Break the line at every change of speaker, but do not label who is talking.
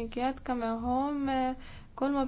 ning jätkame homme kolmapäeval.